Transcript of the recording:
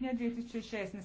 lipnja 2016.